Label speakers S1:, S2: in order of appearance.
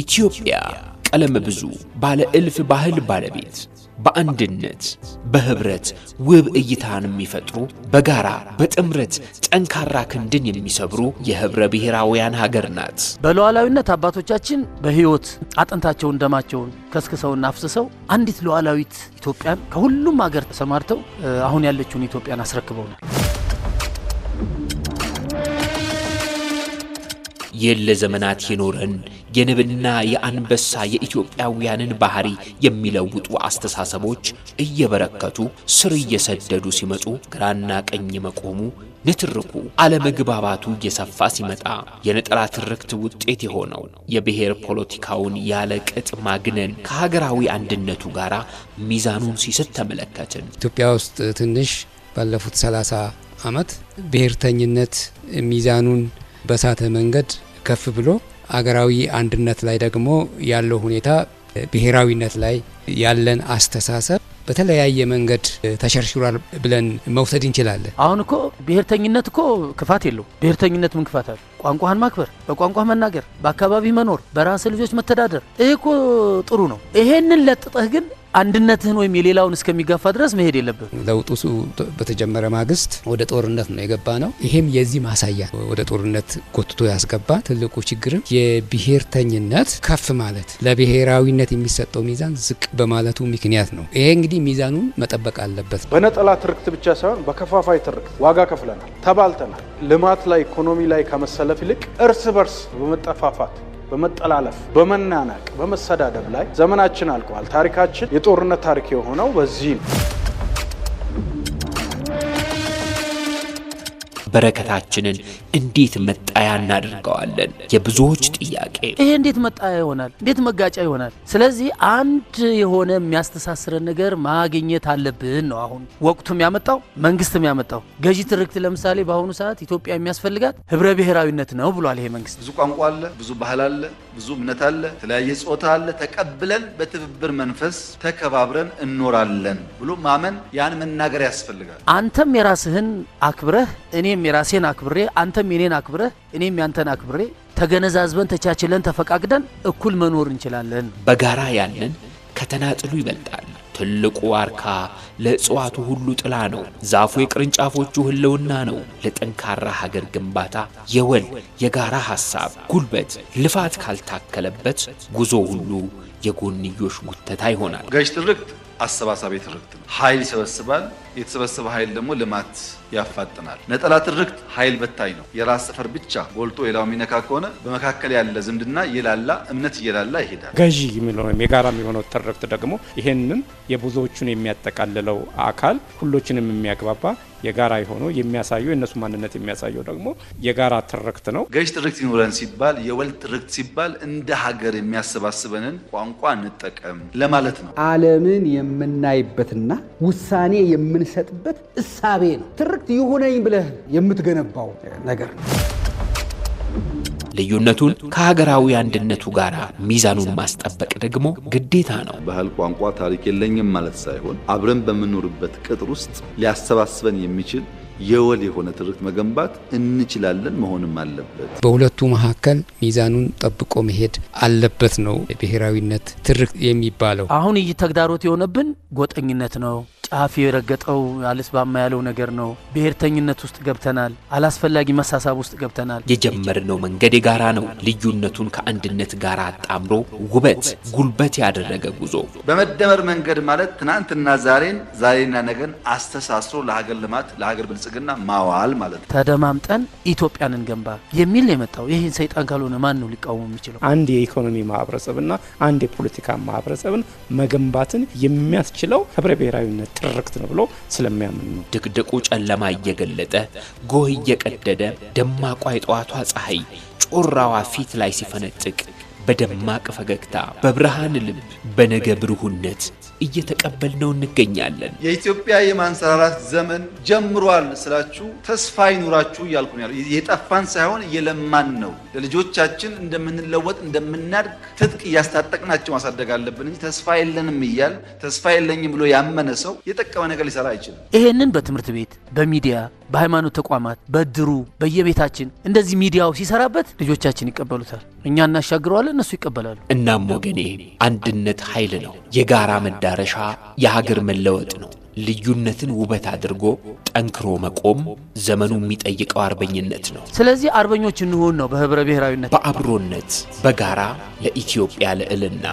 S1: ኢትዮጵያ ቀለም ብዙ ባለ እልፍ ባህል ባለቤት በአንድነት በህብረት ውብ እይታን የሚፈጥሩ በጋራ በጥምረት ጠንካራ ክንድን የሚሰብሩ የህብረ ብሔራውያን ሀገር ናት።
S2: በሉዓላዊነት አባቶቻችን በህይወት አጥንታቸውን ደማቸውን ከስክሰውና አፍስሰው አንዲት ሉዓላዊት ኢትዮጵያን ከሁሉም ሀገር ተሰማርተው አሁን ያለችውን ኢትዮጵያን አስረክበውናል።
S1: የለ ዘመናት የኖረን የንብና የአንበሳ የኢትዮጵያውያንን ባህሪ የሚለውጡ አስተሳሰቦች እየበረከቱ ስር እየሰደዱ ሲመጡ ግራና ቀኝ መቆሙ፣ ንትርኩ፣ አለመግባባቱ እየሰፋ ሲመጣ የነጠላ ትርክት ውጤት የሆነው የብሔር ፖለቲካውን ያለ ቅጥ ማግነን ከሀገራዊ አንድነቱ ጋር ሚዛኑን ሲስት ተመለከትን።
S3: ኢትዮጵያ ውስጥ ትንሽ ባለፉት 30 ዓመት ብሔርተኝነት ሚዛኑን በሳተ መንገድ ከፍ ብሎ አገራዊ አንድነት ላይ ደግሞ ያለው ሁኔታ ብሔራዊነት ላይ ያለን አስተሳሰብ በተለያየ መንገድ ተሸርሽሯል ብለን መውሰድ እንችላለን።
S2: አሁን እኮ ብሔርተኝነት እኮ ክፋት የለው። ብሔርተኝነት ምን ክፋት አለ? ቋንቋህን ማክበር፣ በቋንቋ መናገር፣ በአካባቢ መኖር፣ በራስ ልጆች መተዳደር፣ ይህ እኮ ጥሩ ነው። ይሄንን ለጥጠህ ግን አንድነትህን ወይም የሌላውን እስከሚጋፋ ድረስ መሄድ የለብህ።
S3: ለውጡ በተጀመረ ማግስት ወደ ጦርነት ነው የገባ ነው። ይሄም የዚህ ማሳያ ወደ ጦርነት ጎትቶ ያስገባ ትልቁ ችግርም የብሔርተኝነት ከፍ ማለት ለብሔራዊነት የሚሰጠው ሚዛን ዝቅ በማለቱ ምክንያት ነው። ይሄ እንግዲህ ሚዛኑን መጠበቅ አለበት።
S4: በነጠላ ትርክት ብቻ ሳይሆን በከፋፋይ ትርክት ዋጋ ከፍለናል፣ ተባልተናል። ልማት ላይ ኢኮኖሚ ላይ ከመሰለፍ ይልቅ እርስ በርስ በመጠፋፋት በመጠላለፍ በመናናቅ በመሰዳደብ ላይ ዘመናችን አልቀዋል። ታሪካችን የጦርነት ታሪክ የሆነው በዚህ ነው።
S1: በረከታችንን እንዴት መጣያ እናደርገዋለን? የብዙዎች ጥያቄ
S2: ይሄ። እንዴት መጣያ ይሆናል? እንዴት መጋጫ ይሆናል? ስለዚህ አንድ የሆነ የሚያስተሳስረን ነገር ማግኘት አለብን ነው አሁን ወቅቱ የሚያመጣው መንግስትም ያመጣው ገዢ ትርክት። ለምሳሌ በአሁኑ ሰዓት ኢትዮጵያ የሚያስፈልጋት ህብረ ብሔራዊነት ነው ብሏል ይሄ መንግስት።
S4: ብዙ ቋንቋ አለ፣ ብዙ ባህል አለ፣ ብዙ እምነት አለ፣ የተለያየ ጾታ አለ። ተቀብለን በትብብር መንፈስ ተከባብረን እኖራለን ብሎ ማመን ያን መናገር ያስፈልጋል።
S2: አንተም የራስህን አክብረህ እኔም እኔም የራሴን አክብሬ አንተም የኔን አክብረህ እኔም ያንተን አክብሬ ተገነዛዝበን ተቻችለን ተፈቃቅደን እኩል መኖር እንችላለን።
S1: በጋራ ያለን ከተናጥሉ ይበልጣል። ትልቁ ዋርካ ለእጽዋቱ ሁሉ ጥላ ነው። ዛፉ የቅርንጫፎቹ ህልውና ነው። ለጠንካራ ሀገር ግንባታ የወል የጋራ ሐሳብ፣ ጉልበት፣ ልፋት ካልታከለበት ጉዞ ሁሉ የጎንዮሽ ሙተታ ይሆናል።
S4: ገጭ ትርክት አሰባሳቢ ትርክት ነው። ኃይል ይሰበስባል የተሰበሰበ ኃይል ደግሞ ልማት ያፋጥናል። ነጠላ ትርክት ኃይል በታይ ነው። የራስ ሰፈር ብቻ ጎልቶ ሌላው የሚነካ ከሆነ በመካከል ያለ ዝምድና እየላላ እምነት እየላላ ይሄዳል።
S3: ገዢ የሚለው የጋራ የሚሆነው ትርክት ደግሞ ይሄንን የብዙዎቹን የሚያጠቃልለው አካል ሁሎችንም የሚያግባባ የጋራ የሆነው የሚያሳዩ የእነሱ ማንነት የሚያሳየው ደግሞ የጋራ ትርክት ነው።
S4: ገዥ ትርክት ይኑረን ሲባል የወል ትርክት ሲባል እንደ ሀገር የሚያሰባስበንን ቋንቋ እንጠቀም ለማለት ነው።
S2: ዓለምን የምናይበትና ውሳኔ የምን የምንሰጥበት እሳቤ ነው። ትርክት ይሁነኝ ብለህ የምትገነባው ነገር ነው።
S1: ልዩነቱን ከሀገራዊ አንድነቱ ጋር ሚዛኑን ማስጠበቅ ደግሞ ግዴታ ነው።
S4: ባህል፣ ቋንቋ፣ ታሪክ የለኝም ማለት ሳይሆን አብረን በምኖርበት ቅጥር ውስጥ ሊያሰባስበን የሚችል የወል የሆነ ትርክት መገንባት እንችላለን፣ መሆንም አለበት።
S3: በሁለቱ መካከል ሚዛኑን ጠብቆ መሄድ አለበት ነው ብሔራዊነት ትርክት የሚባለው።
S2: አሁን ይህ ተግዳሮት የሆነብን ጎጠኝነት ነው። ጸሐፊ የረገጠው አልስማማ ያለው ነገር ነው። ብሔርተኝነት ውስጥ ገብተናል። አላስፈላጊ መሳሳብ ውስጥ ገብተናል።
S1: የጀመርነው መንገድ የጋራ ነው። ልዩነቱን ከአንድነት ጋር አጣምሮ ውበት፣ ጉልበት ያደረገ ጉዞ
S4: በመደመር መንገድ ማለት ትናንትና ዛሬን፣ ዛሬና ነገን አስተሳስሮ ለሀገር ልማት ለሀገር ብልጽግና ማዋል ማለት
S2: ነው። ተደማምጠን ኢትዮጵያን እንገንባ የሚል የመጣው ይህን ሰይጣን ካልሆነ ማን ነው ሊቃወሙ የሚችለው?
S3: አንድ የኢኮኖሚ ማህበረሰብና አንድ የፖለቲካ ማህበረሰብን መገንባትን የሚያስችለው ህብረ ብሔራዊነት ትርክት ነው ብሎ ስለሚያምን ነው።
S1: ድቅድቁ ጨለማ እየገለጠ ጎህ እየቀደደ ደማቋ የጠዋቷ ፀሐይ ጮራዋ ፊት ላይ ሲፈነጥቅ በደማቅ ፈገግታ በብርሃን ልብ በነገ ብሩህነት እየተቀበልነው እንገኛለን።
S4: የኢትዮጵያ የማንሰራራት ዘመን ጀምሯል ስላችሁ ተስፋ ይኑራችሁ እያልኩ ነው። የጠፋን ሳይሆን እየለማን ነው። ለልጆቻችን እንደምንለወጥ እንደምናድግ ትጥቅ እያስታጠቅናቸው ማሳደግ አለብን እንጂ ተስፋ የለንም እያል ተስፋ የለኝም ብሎ ያመነ ሰው የጠቀመ ነገር ሊሰራ አይችልም።
S2: ይሄንን በትምህርት ቤት በሚዲያ በሃይማኖት ተቋማት፣ በድሩ፣ በየቤታችን እንደዚህ ሚዲያው ሲሰራበት ልጆቻችን ይቀበሉታል። እኛ እናሻግረዋለን፣ እነሱ ይቀበላሉ።
S1: እናም ወገኔ አንድነት ኃይል ነው። የጋራ መዳረሻ የሀገር መለወጥ ነው። ልዩነትን ውበት አድርጎ ጠንክሮ መቆም ዘመኑ የሚጠይቀው አርበኝነት ነው።
S2: ስለዚህ አርበኞች እንሆን ነው በህብረ ብሔራዊነት፣
S1: በአብሮነት፣ በጋራ ለኢትዮጵያ ልዕልና